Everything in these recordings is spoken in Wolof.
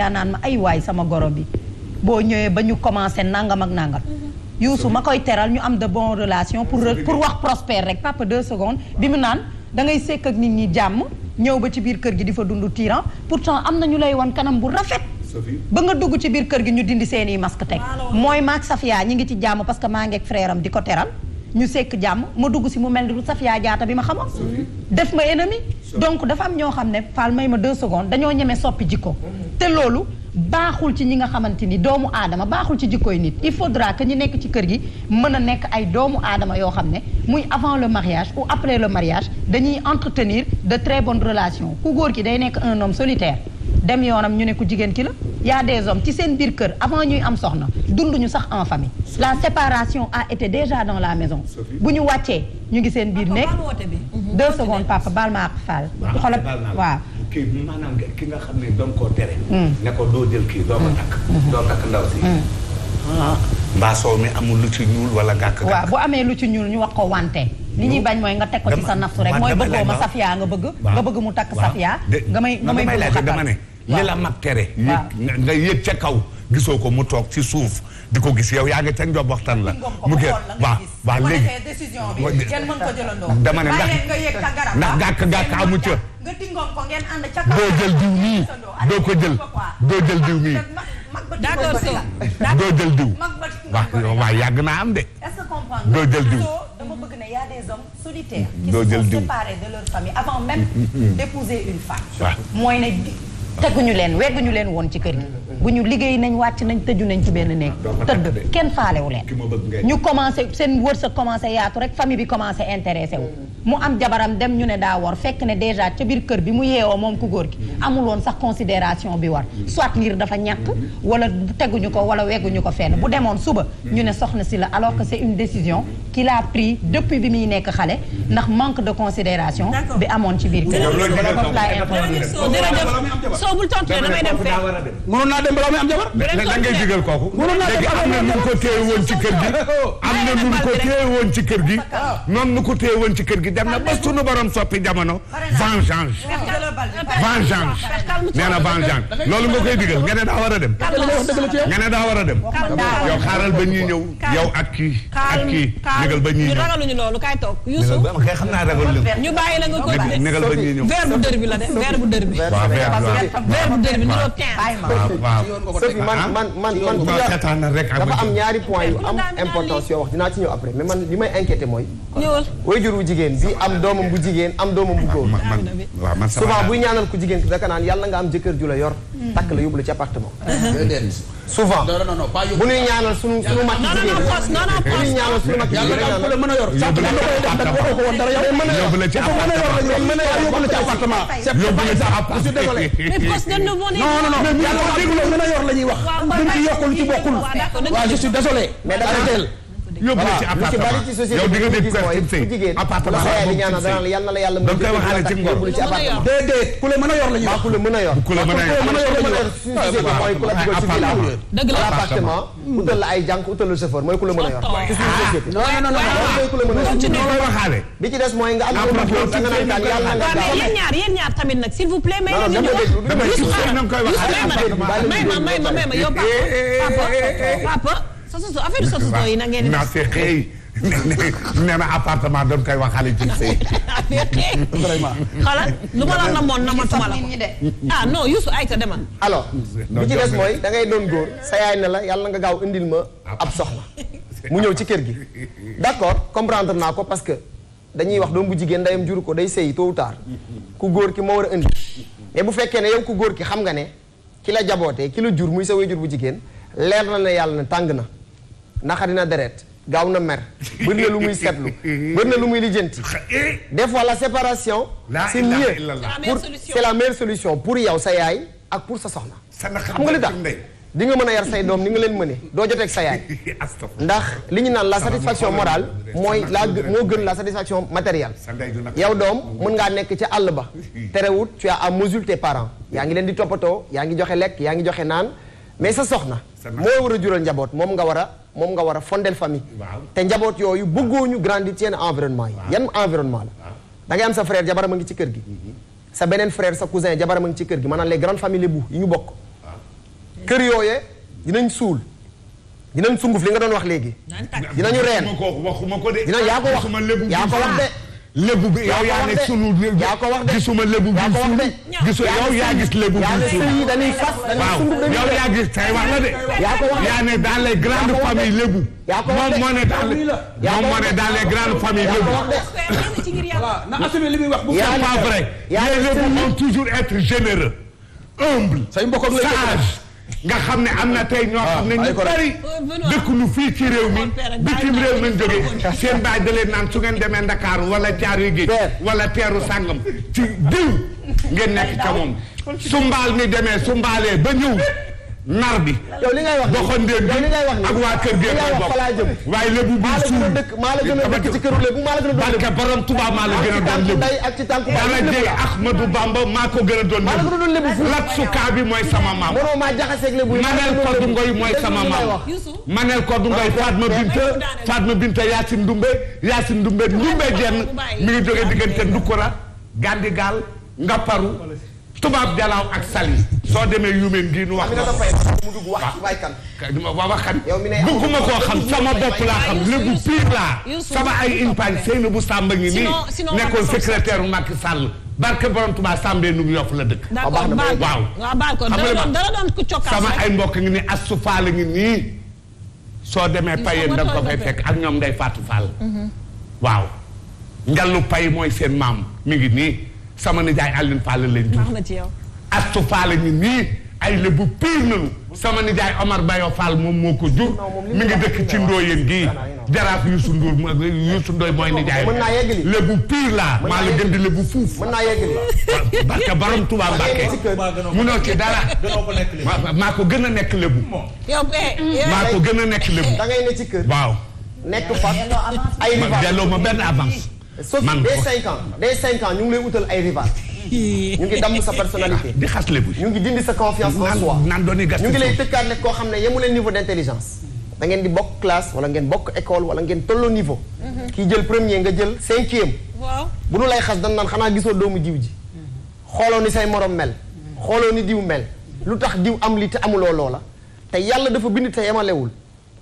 yaa naan ma ay waay sama goro bi boo ñëwee ba ñu commencé nangam ak nangam mm-hmm. Youssou ma koy teral ñu am de bon relation pour pour wax prospère rek papa deux secondes bi mu naan da ngay sekk ak nit ñi jàmm ñëw ba ci biir kër gi di fa dund tyran pourtant am na ñu lay wan kanam bu rafet ba nga dugg ci biir kër gi ñu dindi seen i masque teg mooy maag Safia ñi ngi ci jàmm parce que maa ngeeg frère am di ko teral ñu sekk jàmm ma dugg si mu mel ni du Safia Jaata bi ma xamoon def ma ennemi donc dafa am ñoo xam ne faal may ma deux secondes dañoo ñemee soppi jikko te loolu baaxul ci ñi nga xamante ni doomu aadama baaxul ci jikkoy nit il faudra que ñi nekk ci kër gi mën a nekk ay doomu aadama yoo xam ne muy avant le mariage ou après le mariage dañuy entretenir de très bonnes relation ku góor ki day nekk un homme solitaire dem yoonam ñu ne ku jigéen ki la yaa a des hommes ci seen biir kër avant ñuy am soxna dunduñu sax en famille la séparation a été déjà dans la maison bu ñu wàccee ñu ngi seen biir nekk deux secondes papa baal ma ak Fall xoolal waaw kii bi maanaam ki nga xam ne doom koo tere hmm. ne ko doo jël kii doo ko takk hmm. Hmm. doo takk ndaw si ah. mbaa mi amul lu ci ñuul wala gàkk gàkk waaw bu amee lu ci ñuul ñu wax ko wante ni ñuy bañ mooy nga teg ko ci sa nafsu rek mooy bëggoo ma safiyaa nga bëgg nga bëgg mu takk safiyaa nga may nga may laaj dama li la mag tere yëg nga yëg ca kaw gisoo ko mu toog ci suuf di ko gis yow yaa ngi ca njob la mu gën waaw waaw léegi ndax ndax gàkk gàkk amu ca doo jël diw nii doo ko jël doo jël diw nii d'accord jël diw waaw waaw yàgg naa am de jël diw doo jël diw doo jël diw doo diw doo diw teguñu leen wegguñu leen woon ci kër gi bu ñu liggéey nañ wàcc nañ tëju nañ ci benn néeg ah, tëdd kenn faalewu leen ñu commencé seen wërsëg commencé yaatu rek famille bi commencé intéressé wu mu am jabaram dem ñu ne daa war fekk ne déjà ca biir kër bi mu yeewoo moom ku góor gi amuloon sax considération bi war soit liir dafa ñàkk wala teguñu ko wala wegguñu ko fenn bu demoon suba ñu ne soxna si la alors que c'est une décision qu'il a pris depuis bi muy nekk xale ndax manque de considération bi amoon ci biir kër foofu laa imprimé soo bul tontu damay dem fee mënoon naa dem kër gi am na nun ko téye woon ci kër gi noonu nu ko téye woon ci kër gi dem na ba sunu borom soppi jamono vengeance vengeance nee na vengeance loolu nga koy digal nga ne daa war a dem nga ne daa war a dem yow xaaral ba ñuy ñëw yow ak kii ak kii négal ba ñuy ñëw ragaluñu loolu kay toog Youssou xam naa ragal ñu bàyyi la nga ko négal ba ñuy ñëw verbe bu dër bi la de verbe bu dër bi waaw verbe bu dër bi niroo teen ah? waaw man man man man rek dafa am ñaari point yu am importance yoo wax dinaa ci ñëw après mais man li may inquiété mooy wayjur bu jigéen bi am doomam bu jigéen am doomam bu góor souvent buy ñaanal ku jigéen ki daka naan yàlla nga am jëkkër ju la yor. takk la yóbbu la ci appartement. souvent bu ñuy ñaanal sunu sunu mag jigéen bu ñuy ñaanal sunu mag jigéen yàlla nga am mën a yor. yóbbu la ci appartement yóbbu la ci appartement yóbbu la ci appartement. mais poste de nouveau né. non non non yàlla mën a yor la ñuy wax. dañ ci yokkul ci bokkul. waaw je suis désolé. mais yóbbu la ci appartement yow di nga nekk kër appartement yal na la yàlla mën a waxaale ci ngor déedéet ku la mën a yor la ñu ku la mën a yor ku la mën a yor suñu société mooy ku la dugal ci village dëgg la appartement utal la ay jànk utal la chauffeur mooy ku la mën a yor suñu ah. société non non non mooy ku la mën a yor waxaale bi ci des mooy nga am nga naan daal yàlla nga mais yéen ñaar yéen ñaar tamit nag s'il vous plaît may ñu ñu wax dama ci koy wax may ma may ma may ma yow papa eh, eh, eh, papa soso affaire soso yi na ngeen na fexe nee na appartement doon koy waxaale ci sëy vraiment xalaat da ngay doon góor sa yaay ne la yàlla nga gaaw indil ma ab soxna mu ñëw ci kër gi d'accord comprendre naa ko parce que dañuy wax doom bu jigéen ndeyam juru ko day sëy tôt ku góor ki moo war a indi mais bu fekkee ne yow ku góor ki xam nga ne ki la jabootee ki la jur muy sa jur bu jigéen leer na ne yàlla ne tàng na naqari dina deret gaaw na mer bëri na lu muy seetlu bëri na lu muy lijjanti des fois la séparation c'est mieux pour c'est la meilleure solution pour yow sa yaay ak pour sa soxna xam nga li tax di nga mën a yar say doom ni nga leen mëne doo joteeg sa yaay ndax li ñu naan la satisfaction morale mooy la moo gën la satisfaction matérielle yow doom mën ngaa nekk ca àll ba terewut tu as à mesure yaa ngi leen di toppatoo yaa ngi joxe lekk yaa ngi joxe naan mais sa soxna moo war a jural njaboot moom nga war a moom nga war a fondel famille te njaboot yooyu bëggoo ñu grandir ci yenn environnement yi yan environnement la da ngay am sa frère jabaram a ngi ci kër gi mhm. sa beneen frère sa cousin jabaram a ngi ci kër gi maanaam les grandes familles bu yi ñu bokk kër yooyee dinañ suul dinañ sunguf li nga doon wax léegi dinañu reen dinañ yaa ko wax yaa ko wax de lébu bi yow yaa nekk sunu. yaa ko wax de gisuma lébu bi sunu. gisu yow yaa gis lébu bi sunu. waaw yow yaa gis tey wax la de. yaa ne dans les grandes familles lébu. moom moo ne dans les moom moo ne dans les grandes familles lébu. na assumer li muy wax. c'est pas vrai. les lébu vont toujours être généreux. humble sage. nga xam ne am na tey ñoo ah, xam ne ñu bari oh, dëkk nu fii ci réew mi bitim réew nañ jógee seen baay da leen naan su ngeen demee Ndakaaru wala Caaroy Géej wala teeru sàngam ci diw ngeen nekk ca moom su mbaal mi demee su mbaalee ba ñëw nar bi. yow li ngay wax yow li ngay wax ak waa kër gi ak bokk waaye lébu bi suul maa la gën a dëkk ci këru lébu maa la gën doon a doon lébu ak Bamba maa ko gën a doon lébu. lat sukaa bi mooy sama maam. mënoo maa jaxaseeg lébu manel Kodou Ngoy mooy sama maam. manel Kodou Ngoy Fatma Binta Fatma Binta Yacine Ndoumbe Yacine Ndoumbe Ndoumbe jenn mi ngi jógee diggante Ndukura Gandigal Ngaparu tubaab jalaaw ak sali soo demee yumen gi nu wax waaw wax kan bëgguma koo xam sama bopp laa xam lébu pire laa sama ay impagne sëy bu Samba ngi nii nekkoon secrétaire bu Macky Sall barke borom Touba Sambee nu yof la dëkk waaw sama ay mbokk ngi nii Astou Fall ngi nii soo demee payeen da ko fay fekk ak ñoom day Fatou Fall mhm. waaw njallu pay mooy seen maam mi ngi nii sama nijaay Alioune Fall lañ jur. na ci ay lébu piir nañu. sama nijaay Omar Bayo Fall moom moo ko jur. mi ngi dëkk ci Ndoyeen gii. jaraaf Youssou Ndour mooy nijaay. mën piir laa. maa la gën di lébu fuuf. mën naa yeggali. barke borom Tuubaa Mbàkke. munoo dara. maa ko gën a nekk lébu. yow maa ko gën a nekk lébu. da ngay ne ci kër. waaw. nekk fa ay. delloo ma benn avance. man dès cinq ans dès cinq ñu ngi lay utal ay rival. ñu ngi ah, ñu ngi dindi sa confiance en soi. naan dooni gas ñu ngi lay tëkkaat nag koo xam ne yemu leen niveau d' intelligence. ngeen di bokk classe wala ngeen bokk école wala ngeen tolloo niveau. Mhm. kii jël premier nga jël cinquième. waaw bu nu lay xas dan naan xanaa gisoo doomu jiw ji. Mhm. xooloo ni say morom mel. Mhm. xooloo ni diw mel. lu tax diw am li te amuloo loola. te yàlla dafa bind te yemalewul.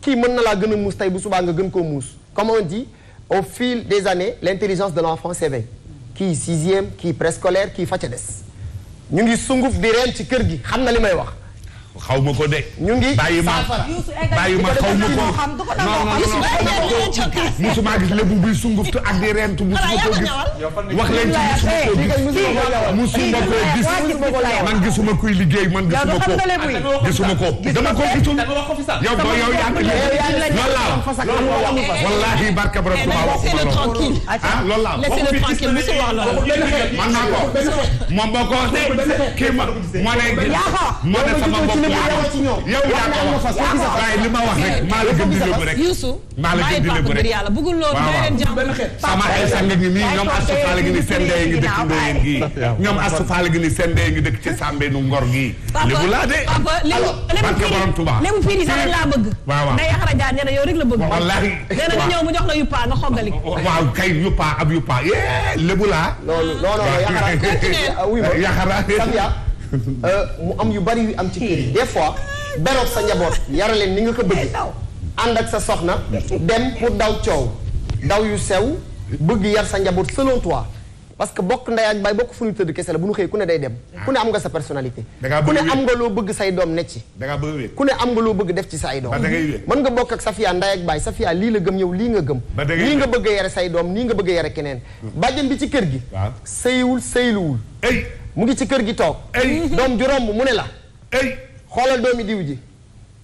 kii mën na laa gën a muus tey bu subaa nga gën koo muus comme on au fil des années l'intelligence de l'enfant s'éveille kii sixième kii préscolaire kii fa ca des ñu ngi sunguf di reen ci kër gi xam na li may wax xaw ma ko de. ñu ngi saafara bàyyi ma xaw ma ko non non non musuma gis lébu bi sunguftu ak di rent musuma ko gis. wax leen ci musuma ko gis musuma ko gis man gisuma kuy liggéey man gisuma ko gisuma ko dama ko gisul yow boo yow yaa ngi loolu laa wallaahi barka borom tubaab waxuma loolu ah loolu laa man naa ko moom boo ko waxee kii ma moo ne moo ne sama bopp yow yaa ko wax waaye li ma wax rek maa la gën di lébu rek maa la gën di lébu rek sama ay sang ngi nii ñoom astu faale ngi ni seen ndey ngi dëkk ndeyeen gii ñoom astu faale ngi ni seen ndey ngi dëkk ci sàmbe nu ngor gii lébu laa de barke borom Tuubaa lébu fii nii sax rek laa bëgg waaw waaw day yaxara jaar nee na yow rek la bëgg wallaahi nee na nga la yuppa nga xoggali waaw kay Euh, mu am yu bari yu am ci kër yi des fois beroog sa njaboot yara leen ni nga ko bëgg ànd ak sa soxna dem pour daw coow daw yu sew bëgg yar sa njaboot selon toi parce bokk ndey ak baay bokk fu ñu tëdd kese la bu ñu xëyee ku ne day dem ah. ku ne am nga sa personnalité ku ne am nga loo bëgg say doom ne ci ku ne am nga loo bëgg def ci sa ay doom mën nga bokk ak Safia ndey ak baay Safia lii la gëm yow lii nga gëm lii nga bëgg a yare say doom nii nga bëgg a yare keneen hmm. bàjjen bi ci k gi mu ngi ci kër gi toog. doom ju romb mu ne la. xoolal doomi diw ji.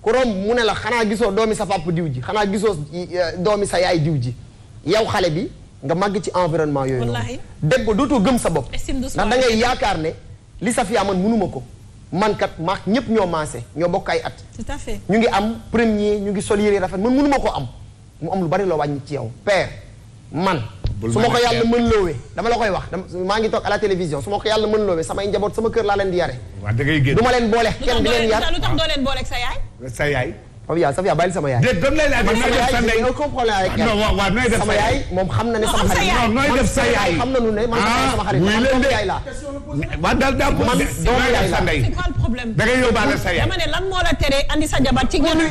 ku romb mu ne la xanaa gisoo doomi sa papa diw ji xanaa gisoo eh, doomi sa yaay diw ji yow xale bi nga màgg ci environnement yooyu noonu. dégg ko dootoo gëm sa bopp. ndax da ngay yaakaar ne li sa fi man mënuma ko. man kat maax ñëpp ñoo maase ñoo bokk ay at. tout à fait ñu ngi am premier ñu ngi sol yére rafet man mënuma ko am mu am lu bari loo wàññi ci yow père man. su ma ko yàlla mën loowee dama la koy wax maa ngi toog à la télévision su ma ko yàlla mën loowee samay njaboot sama kër laa leen di yare waaw da ngay génn du ma leen boole kenn di leen yar lu tax doo leen boole sa yaay sa yaay Safia Safia bàyyi sama yaay déet dam lay laaj sama yaay moom xam na ne sama xarit non nooy def sa yaay xam na nu ne man ah, sama xarit yaay la waaw daal daal man doomu yaay la c'est quoi le problème da ngay yóbbaale sa yaay dama ne lan moo la tere andi sa jabar ci wetu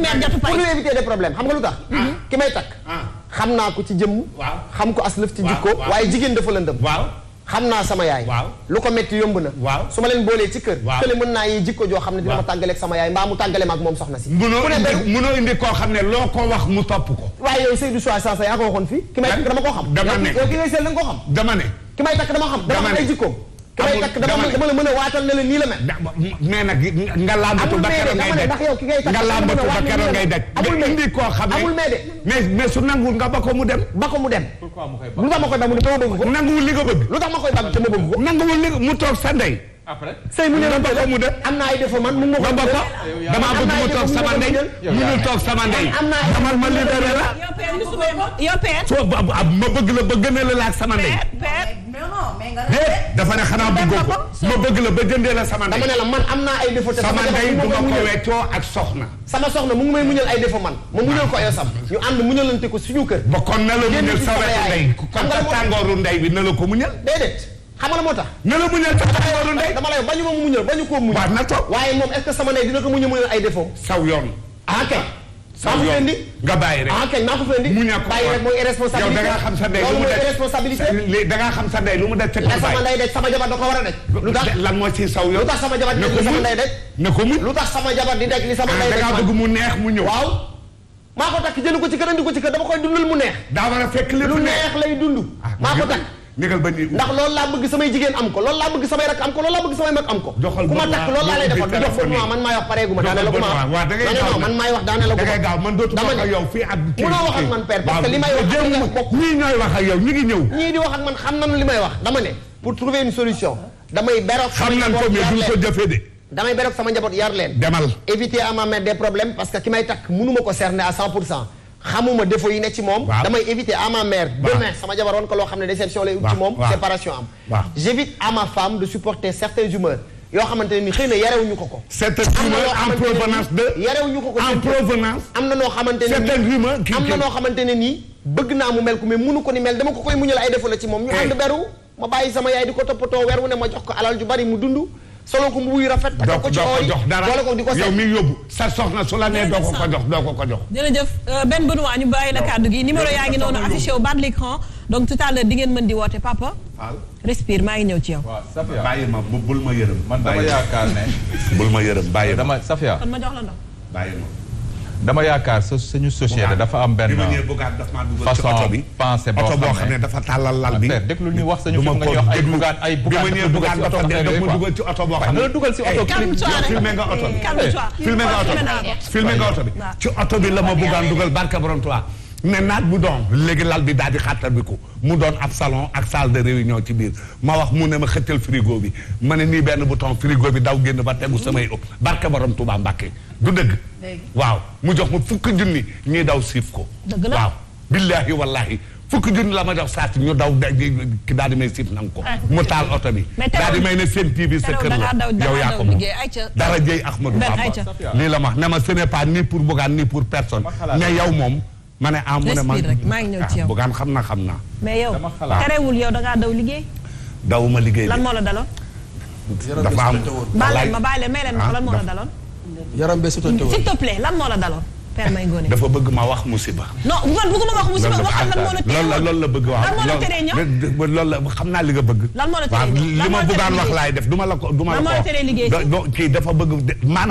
mère jatu pay pour éviter des problèmes xam nga lu tax ah. ki may takk ah. xam naa ko ci jëmm. waaw xam ko aslëf ci jikko. waaye jigéen dafa lëndëm. waaw xam naa sama yaay. waaw lu ko metti yomb na. waaw su ma leen boolee ci kër. waaw kële mën naa yee jikko joo xam ne dina ma tàggaleeg sama yaay mbaa mu tàggale moom soxna si. ku ne mënoo indi koo xam ne loo ko wax mu topp ko. waaye yow Seydou Sow Sansa yaa ko waxoon fii. ki may takk dama ko xam. dama ne yow ki xam. dama ne ki may takk dama xam. dama ne dama xam ay jikkoom ki may takk dama dama la mën a waatal ne la nii la mel. mais nag nga làmbatu ba keroon ngay daj nga làmbatu ba keroon ngay daj. amul mais indi koo xam ne amul mais de. mais mais su nanguwul nga ba ko mu dem. ba ko mu dem. lu tax ma koy ba mu dem te ma bëgg ko. nanguwul li nga bëgg. lu tax ma koy ba te ma bëgg ko. nanguwul li mu toog sa ndey. après sëy mu ne la ko mu def am na ay défaut man mu ma ko def dama bëgg mu toog sama ndey mënul toog sama ndey amal ma libéré la yow père yow père ma bëgg la bëgg ne la laaj sama ndey dafa ne xanaa bëggoo ko ma bëgg la ba jëndee la sama ndey dama ne la man am naa ay défaut te sama ndey du ma ko weccoo ak soxna sama soxna mu ngi may muñal ay défaut man ma muñal ko ay sam ñu ànd muñalante ko suñu kër ba kon na la muñal sa wetu ndey na la ko muñal déedéet xam nga la moo tax na la muñal sa ma mu muñal bañu koo na toog waaye moom est-ce que sama ndey dina ko muñal muñal ay défaut saw yoon ah kay sans fi indi nga bàyyi rek ah kay naa ko fi indi mu nekk bàyyi rek mooy irresponsabilité yow da ngaa xam sa ndey lu mu def irresponsabilité da ngaa xam sa ndey lu mu def fekk sama ndey daj sama jabar da ko war a daj lu tax lan moo ci saw yow lu tax sama jabar di daj sama ndey daj na ko muñ lu tax sama jabar di daj li sama ah, ndey daj da ngaa bëgg mu neex mu ñëw waaw maa ko takk jënd ko ci kër andi ko ci kër dama koy dundal mu neex daa war a fekk lu neex lay dund ah, maa ko takk négal ba ni ndax loolu laa bëgg samay jigéen am ko loolu laa bëgg samay rak am ko loolu laa bëgg samay mag am ko ku ma takk loolu laa lay defal jox ko man maay wax pareegu ma daane la guma waaw da ngay gaaw man maay wax daane la guma gaaw man dootu wax ak yow fii ak munoo wax ak man père parce que li may wax ñii ñooy wax ak yow ñi ngi ñëw ñii di wax ak man xam nañu li may wax dama ne pour trouver une solution damay beroog xam nañ ko mais duñ ko jëfee de damay beroog sama njaboot yar leen demal éviter à ma mère des problèmes parce que ki may takk mënuma ko cerner à cent pour cent xamuma défaut yi ne ci moom. damay éviter à ma mère. demain sama jabar ko loo xam ne déception lay. ut ci moom séparation am. waaw j'évite à ma femme de supporter certaines humeurs. yoo xamante ni xëy na yarewuñu ko ko. certaines humeurs ko ko am na noo xamante ne nii noo xamante ne nii. bëgg naa mu mel ko mais munu ko ni mel dama ko koy muñal ay défaut la ci moom. ñu eh. ànd beru ma bàyyi sama yaay di ko toppatoo weer ne ma jox ko alal ju bari mu dundu solo ko mbubu yu rafet. doo ko jox dara boole ko di ko seet yow mi sa soxna su la nee doo ko ko jox doo ko ko jox. jërëjëf euh, Ben Benoît ñu bàyyi la kàddu gi numéro yaa ngi noonu affiché wu bas de donc tout di ngeen mën di woote papa. respire maa ngi ñëw ci yow. waaw Safia bàyyi ma bul ma yërëm. man dama yaakaar ne. bul ma yërëm bàyyi ma dama Safia. kon ma jox la dama yaakaar sa suñu société dafa am benn façon pensée boo xam ne dafa tàllal lal bi déglu ñu wax sañu fi nga ñuy wax ay bugaat ay bugaat dafa dugal ci oto boo dugal ci oto filmé eh, bi eh, filmé nga oto bi eh, filmé ci oto la ma bugaan dugal barka borom toi ne naaj bu don léegi lal bi daal di xàttal bi ko mu doon ab salon ak salle de réunion ci biir ma wax mu ne ma xëttal frigo bi ma ne nii benn bouton frigo bi daw génn ba tegu samay ëpp mm. barka borom Tuubaa Mbàkke du dëgg. waaw mu jox ma fukk junni ñuy daw siif ko. dëgg la waaw billaahi wallaahi fukki junni la ma jox saa ñu daw ki daal di may siif ko. Ah, mu taal oto bi. daal di may ne seen TV sa kër la yow ko moom dara jëy Ahmadou Bamba lii la ma wax ne ma ce n'est pas ni pour Bougane ni pour personne mais yow moom. ma ne ah mu ne ma maa ngi ñëw ci ah, yow Bougane xam na xam naa. yow terewul daw liggéey. ma liggéey la ma bàyyi leen may leen ma ah, lan moo la yaram bee sutante s'il te plaît lan moo la daloon. père may gone dafa bëgg ma wax musiba. non man bëgguma wax musiba waxal lan moo la teree loolu la loolu la bëgg waaw lan moo la teree ñëw loolu la xam naa li nga bëgg. lan moo la teree li ma bëggaan wax laay def duma la ko duma la ko. lan moo la teree liggéey kii dafa bëgg maanaam.